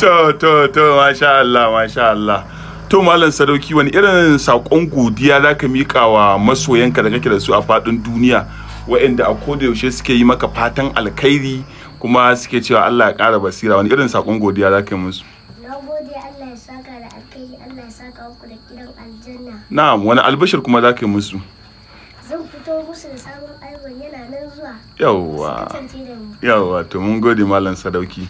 to to to masha Allah masha Allah to malam sadauki wani irin sakon godiya zaka mika wa masoyanka da kake da su a fadin duniya wa'anda a koda yaushe suke yi maka fatan alkhairi kuma suke cewa Allah ya ƙara basira wani irin sakon godiya zaka yi musu Allah ya saka da alkhairi Allah ya saka muku da gidan aljanna na'am wani albashir kuma zaka yi musu zan fito musu da sabon aiwon yana nan zuwa yawwa yawwa to mun gode malam sadauki